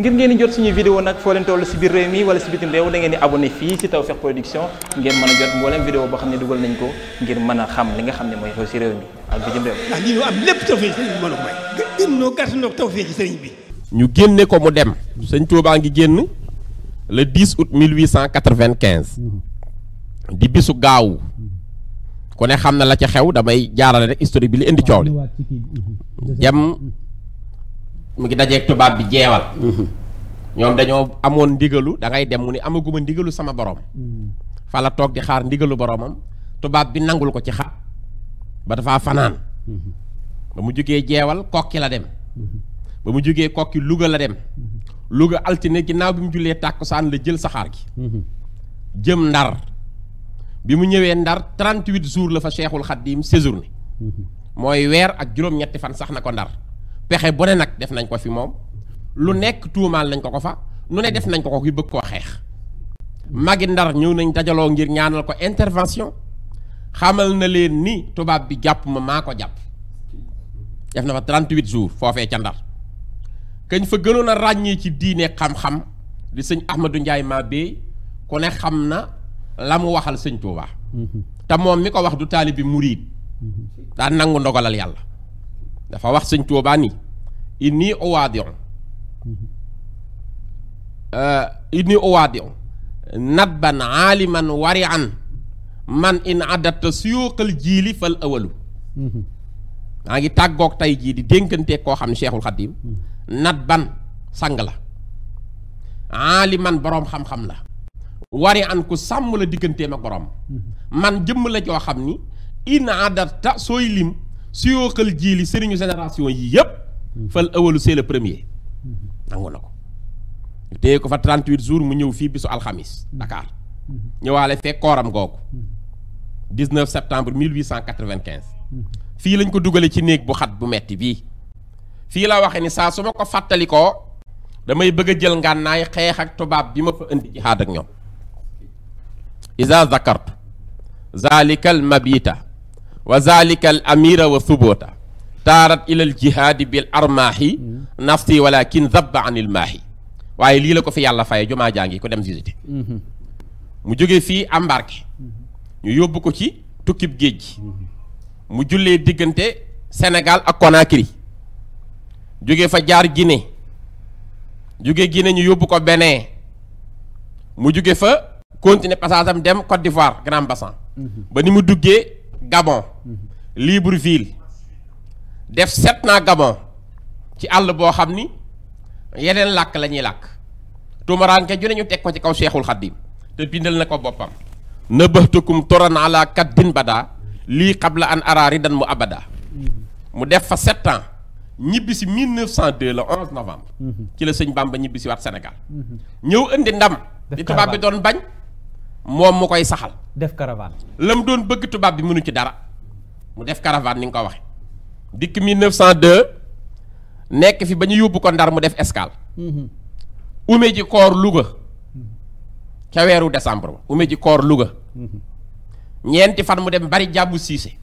ngir ngeen di jot suñu vidéo nag foo leen toll si biir réew mi wala si bitim réew da ngeen di abonné fii si Tawfekh Production ngeen mën a jot mboolem vidéo boo xam ne dugal nañ ko ngir mën a xam li nga xam ne mooy xew si réew mi ak bitim réew. ndax lii ñu sëriñ bi ñu génne ko mu dem. sëñ Touba ngi génn le 10 août 1895 di bisu gaawu ku ne xam na la ca xew damay jaarale rek historique bi li indi coow li dem mu ngi dajeeg tubaab bi jeewal ñoom dañoo amoon ndigalu da ngay dem mu ni amaguma ndigalu sama borom. Hmm. fa la toog di xaar ndigalu boroomam tubaab bi nangul ko ci xat ba dafaa fanaan. Hmm. ba mu jugee jeewal kokki la dem. Hmm. ba mu jugee kokki Louga la dem. Louga altine ginnaaw bi mu jullee tàkkusaan la jël saxaar gi. jëm ndar bi mu ñëwee ndar 38 jours la fa Cheikhul Khadim séjourné. mooy weer ak juróom-ñetti fan sax na ko ndar pexe bu ne nag def nañ ko fi moom. lu nekk tuumaal nañ ko ko fa lu ne def nañ ko ko ki bëgg koo xeex magi ndar ñëw nañ dajaloo ngir ñaanal ko intervention xamal na leen ni tubaab bi jàpp ma maa ko jàpp def na fa 38 jours foofee ca ndar kañ fa gënoon na ràññee ci diine xam-xam di sëñ Ahmadou Ndiaye maa bey ku ne xam na la mu waxal sëñ Touba. te moom mi ko wax du taali bi muriid daa nangu ndogalal yàlla dafa wax sëñ Touba ni inni uwaadion Euh, ini owaat yow nabban aaliman wari an man in adatta suyuqal jiili fal awalu maa ngi tàggoog tey jii di dénkanteeg koo xam ne Cheikhul Xadim nat ban sang la aaliman boroom xam-xam la wari an ku sàmm la digganteem ak boroom man jëmm la joo xam ni in adatta sooy lim suyuqal jiili sëriñu génération yi yëpp fal awalu c'est le premier nangu na ko téye ko fa 38 jours mu ñëw fii bisu alxamis Dakar mm-hmm. ñëwaale fekk kooram googu 19 mm-hmm. septembre 1895 mm-hmm. fii lañ ko dugale ci néeg bu xat bu metti bii fii la waxe ni saa su ma ko fàttalikoo damay bëgg a jël ngànnaay xeex ak tubaab bi ma fa indi jihaad ak ñoom iza zakartu zalika al mabita wa zalika al wa subota taarat ila al jihaadi an il maahi waaye lii la ko fi yàlla faye jumaa jaa ngi ko dem visité mhm. mu jógee fii embarqué mhm. ñu yóbbu ko ci tukkib géej mu jullee diggante senegal ak Conakry jóge fa jaar Guinée jóge Guinée ñu yóbbu ko benee mu jóge fa continuer passage am dem Côte d'Ivoire Grand Bassan mhm. ba ni mu duggee Gabon ville def sept naa Gabon ci àll boo xam ni yeneen làkk la ñuy làkk tumuraanke ju ne ñu teg ko ci kaw seexul xaddim te bindal na ko boppam nëbëxtukum toran ala kat bin bada lii xabla an araari dan mu abada mu def fa sept ans ñibbi si 1902 le 11 novembre ci la sëñ ba ñibbi si waat Sénégal ñëw indi ndam di tubaab bi doon bañ moom mu koy saxal def caravane la mu doon bëgg tubaab bi mënu ci dara mu def caravane ni nga ko waxe dikk 1902 nekk fi ba ñu yóbbu ko ndar mu def escale. ume ji koor Louga ca weeru décembre ume ji koor Louga ñeenti fan mu dem bari jàbbu siise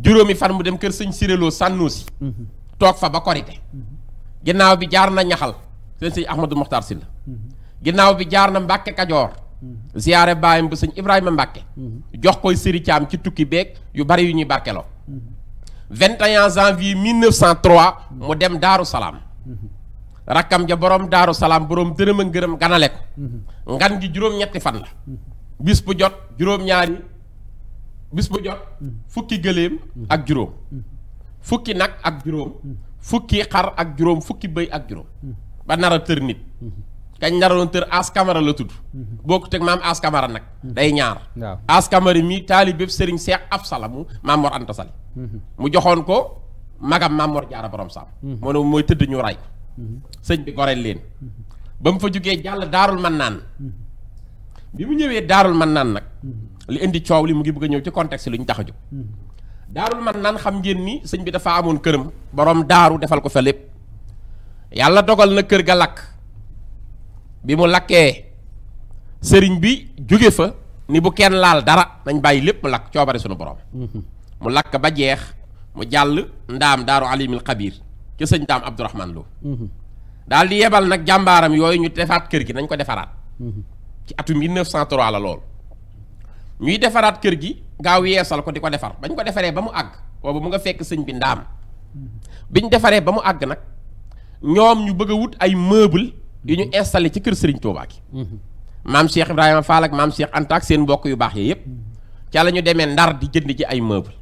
juróomi fan mu dem kër sëñ siréloo sànnoo si toog fa ba korite ginnaaw bi jaar na ñaxal sëñ sëñ ahmadou moxtar silla ginnaaw bi jaar na mbàkke kajoor ziyaare baayam bu sëñ ibrahima mbàkke mhm. jox koy sëri caam ci tukki beeg yu bari yu ñuy barkeloo 21 janvier 1903 mu dem Daaru Salaam rakkam ja borom Daaru Salaam borom dërëm a ngërëm ganale ko ngan gi juróom-ñetti fan la bis bu jot juróom-ñaari bis bu jot fukki gëléem ak juróom fukki nag ak juróom fukki xar ak juróom fukki bëy ak juróom ba nar a tër nit kañ naroon tër as camara la tudd bokku teg maam as camara nag day ñaar as camara mi taali bépp sëriñ seex af salamu maam war anta sali mu joxoon ko magam maam Mor Jaara borom saam mhm. moo ne mooy tëdd ñu ray mhm. sëñ bi goreel leen mhm. ba mu fa jógee jàll daarul man naan bi mu ñëwee daarul man naan nag li indi coow li mu ngi bëgg a ñëw ci contexte lu ñu tax a jóg daarul man naan xam ngeen ni sëñ bi dafa amoon këram boroom daaru defal ko fa lépp yàlla dogal na kër ga lakk bi mu lakkee sëriñ bi jóge fa ni bu kenn laal dara dañ bàyyi lépp mu lakk coobare sunu borom mu lakk ba jeex mu jàll ndaam daaru alimil xabir ci sëñ daam abdourahman lo mhm. daal di yebal nag jàmbaaram yooyu ñu defaat kër gi dañ ko defaraat mhm. ci atum 1903 la lool ñuy defaraat kër gi gaaw yeesal ko di ko defar bañ ko defaree ba mu àgg boobu mu nga fekk sëñ bi ndaam mhm. biñ defaree ba mu àgg nag ñoom ñu bëgg wut ay meuble yu ñu installé ci kër sëriñ Tuubaa gi maam Cheikh Ibrahima Fall ak maam Cheikh Anta ak seen mbokk yu baax yi yëpp ca la ñu demee ndar di jënd ci ay meuble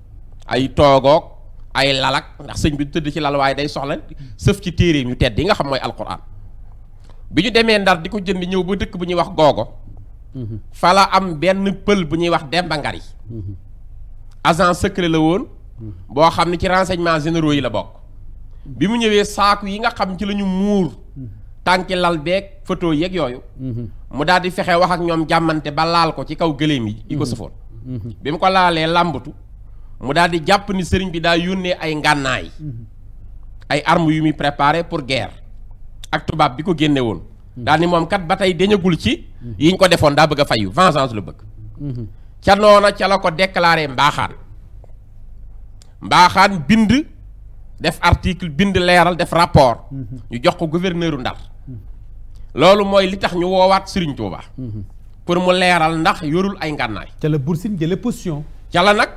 ay toogoog ay lalak ndax sëñ bi tëdd ci lal waaye day soxla sëf ci téereem yu tedd yi nga xam mooy alquran bi ñu demee ndar di ko jënd ñëw ba dëkk bu ñuy wax googo mhm. fala am benn pël bu ñuy wax Demba Ngari mhm. agent secret la woon mhm. boo xam ne ci renseignement généraux yi la bokk bi mu ñëwee saaku yi nga xam ci lañu muur tànki lal beeg photo yeeg yooyu mu daal di fexe wax ak ñoom jàmmante ba laal ko ci kaw gëléem yi yi ko sëfoon bi mu ko laalee làmbatu mu daal di jàpp ni sëriñ bi daa yónnee ay ngànnaay ay armes yu muy préparé pour guerre ak tubaab bi ko génnewoon woon daal ni moom kat ba tey dañagul ci yiñ ko defoon daa bëgg a fay yu vengeance la bëgg ca noona ca la ko déclaré mbaaxaan mbaaxaan bind def article bind leeral def rapport ñu jox ko gouverneuru Ndar loolu mooy li tax ñu woowaat Sëriñ Tuuba pour mu leeral ndax yorul ay ngànnaay ca la Buur Siin jële position ca la nag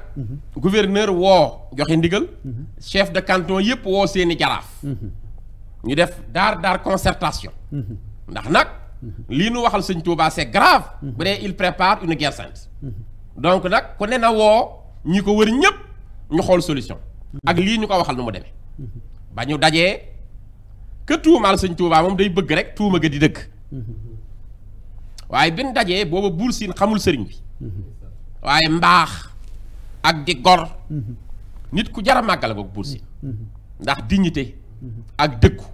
gouverneur woo joxe ndigal. chef de canton yëpp woo seeni jaraaf. ñu def daar daar concertation. ndax nag lii nu waxal sëñ Touba c'est grave. bu dee il prépare une guerre sainte. donc nag ku ne na woo ñi ko wër ñëpp ñu xool solution. ak lii ñu ko waxal nu mu demee. ba ñu dajee que tuumaal sëñ Touba moom day bëgg rek tuuma ga di dëgg. waaye bin dajee booba buur siin xamul sëriñ bi. waaye mbaax. ak di gor mhm. nit ku jara màggala ko Buur Sine mhm. mhm. ndax dignité ak dëkku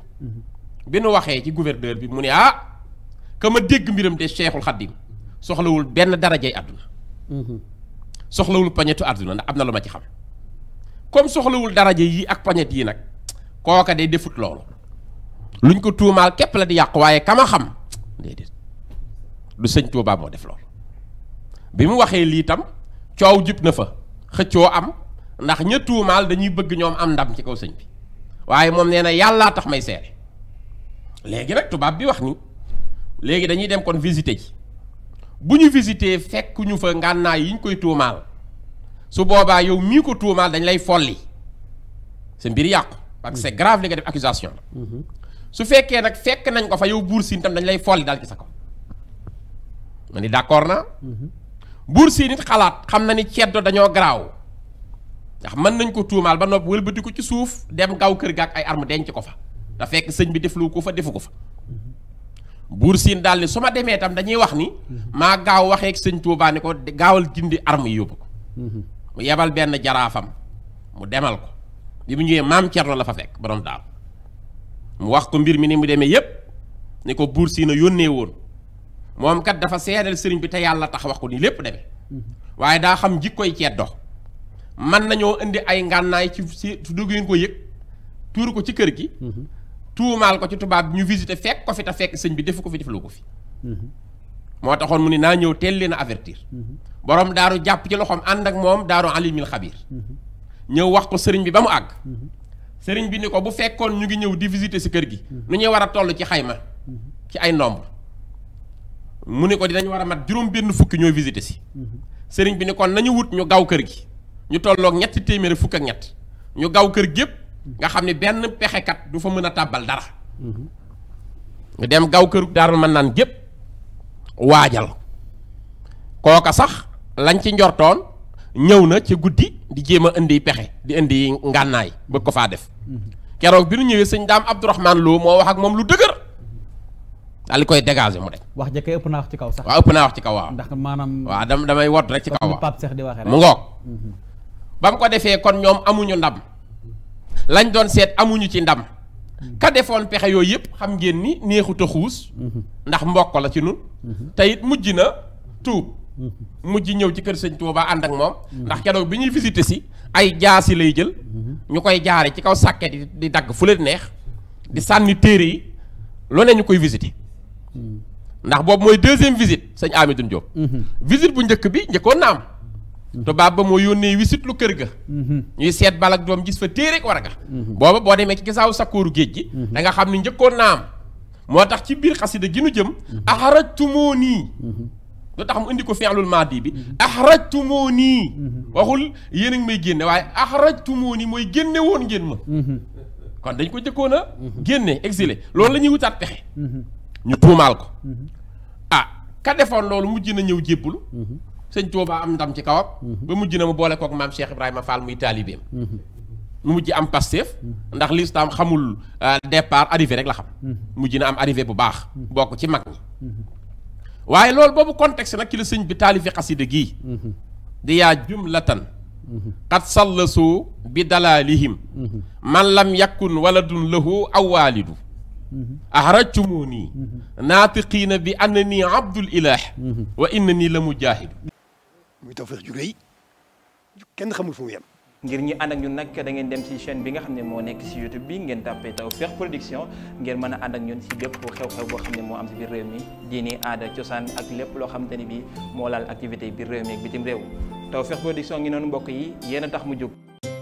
bi nu waxee ci gouverneur bi mu ne ah kam ma dégg mbiram de Cheikhul Khadim soxlawul benn darajay àdduna soxlawul pañetu àdduna ndax am na lu ma ci xam comme soxlawul daraja yi ak pañet yi nag kooka day defut loolu luñ ko tuumaal képp la di yàqu waaye kama xam déedéet du sëñ Tuubaa moo def loolu bi mu waxee lii tam coow jib na fa xëccoo am ndax ña tuumaal dañuy bëgg ñoom am ndam ci kaw sëñ bi waaye moom nee na yàllaa tax may seere léegi nag tubaab bi wax ni léegi dañuy dem kon visité ji bu ñu visité fekk fa ngànnaay yi ñu koy tuumaal su boobaa yow mii ko tuumaal dañ lay folli sa mbir yàqu parce que c'est grave li nga def accusation la mhm. su fekkee nag fekk nañ ko fa yow buur siin tam dañ lay folli dal ci ko kaw ma ni d'accord naa mhm. buur siin it xalaat xam na ni ceddo dañoo garaaw ndax mën nañ ko tuumaal ba nopp wëlbati ko ci suuf dem gaw kër gaak ay armu denc ko fa te fekk sëñ bi deflu ko fa defu ko fa buur siin daal ni su ma demee itam dañuy wax ni maa gaaw waxee sëñ Tuubaa ko gaawal jindi arme yi yóbbu ko mu yebal benn jaraafam mu demal ko bi mu ñëwee maam Cerno la fa fekk borom daal mu wax ko mbir mi ni mu demee yépp ni ko buur siin a yónnee woon moom kat dafa seedal sëriñ bi te yàlla tax wax ko ni lépp demee waaye daa xam jikkoy ceet dox man nañoo indi ay ngànnaay ci si duggeen ko yëg tuur ko ci kër gi tuumaal ko ci tubaab bi ñu visité fekk ko fi te fekk sëñ bi defu ko fi defloo ko fi moo taxoon mu ne naa ñëw teel leen a avertir borom daaru jàpp ci loxoom ànd ak moom daaru alimil xabiir ñëw wax ko sëriñ bi ba mu àgg sëriñ bi ni ko bu fekkoon ñu ngi ñëw di visité si kër gi nu ñuy war a toll ci xayma ci ay nombre mu ne ko dinañ war a mat juróom benn fukki ñooy visité si sëriñ bi ne kon nañu wut ñu gaw kër gi ñu tolloog ñetti téeméeri fukk ak ñett ñu gaw kër gépp nga xam ne benn pexekat du fa mën a tàbbal dara nga dem gaw kër daarul mën naan gépp waajal kooka sax lañ ci njortoon ñëw na ci guddi di jéem a indi pexe di indi ngànnaay bëgg ko faa def mhm. keroog bi nu ñëwee sëñ daam abdourahman loo moo wax ak moom lu dëgër daal di koy dégager mu dem. wax ja kay ëpp naa wax ci kaw sax. waaw ëpp wax ci kaw waaw. ndax maanaam. dam damay wot rek ci kaw waaw Pape Cheikh di waxee rek mu ngoog. Mhm. ba mu ko defee kon ñoom amuñu ndam lañ doon seet amuñu ci ndam. Mhm. ka defoon pexe yooyu yëpp xam ngeen ni neexut a xuus. Mhm. ndax mbokk la ci nun tey it mujj na tuub. mujj ñëw ci kër sëñ Touba ànd ak moom. ndax keroog bi ñuy visité si ay jaasi lay jël. ñu koy jaare ci kaw sàkket yi di dagg fu leen neex. di sànni téere yi lu ne ñu koy visité. ndax boobu mooy deuxième visite sëñ Amidou Diop. Mhm. visite bu njëkk bi njëkkoon na am. Mhm. tubaab ba moo yónnee wisit lu kër ga mhm. ñuy seet balak doom gis fa téere ak war ga booba boo demee ci gisaaw sakkooru géej gi da xam ni njëkkoon naam moo tax ci biir xasida gi nu jëm axrajtumoo nii lu tax mu indi ko fi'lul maadi bi axrajtumoo nii waxul yéen a ngi may génne waaye axrajtumoo nii mooy génne woon ngeen ma kon dañ ko njëkkoon a génne exilé loolu la ñuy wutaat pexe ñu tuumaal ko. Mhm. ah ka defoon loolu mujj na ñëw jébbalu. Mhm. sëñ Tuubaa am ndam ci kawam. Mhm. ba mujj na mu boole kook maam Cheikh Ibrahima Fall muy taalibeem. mu mujj am Pastef. ndax lislaam xamul euh, départ arrivé rek la xam. mujj na am arrivé bu baax. bokk ci mag ñi. waaye loolu boobu contexte nag ci la sëñ bi taalifi xasida gii. di yaa jumlatan. qad sallasoo bi dalaalihim man lam yakun waladun lahu aw waalidu Mm-hmm. axrajtumuuni mm-hmm. naatiqiina bi annani abdul ilaah mm-hmm. wa innani la mujaahidu muy Tawfekh ju rëy kenn xamul fu mu yem ngir ñi ànd ak ñun nag da ngeen dem ci chaine bi nga xam ne moo nekk ci YouTube bi ngeen tàppee Tawfekh Production ngeen mën a ànd ak ñun ci bépp xew-xew boo xam ne moo am ci biir réew mi diini aada cosaan ak lépp loo xamante ni bi moo laal activité biir réew mi bitim réew Tawfekh Production ngi noonu mbokk yi yéen tax mu jóg